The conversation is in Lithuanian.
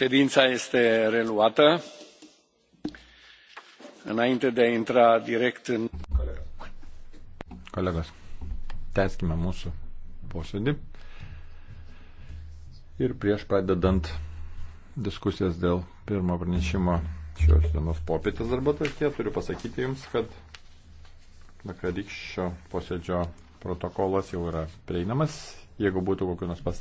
ședința este reluată. Înainte de a intra direct în... Kolegos, tęskime mūsų posėdį. Ir prieš pradedant diskusijas dėl pirmo pranešimo šios dienos popietės darbo tarkė, turiu pasakyti Jums, kad vakarykščio posėdžio protokolas jau yra prieinamas. Jeigu būtų kokių nors pastabų,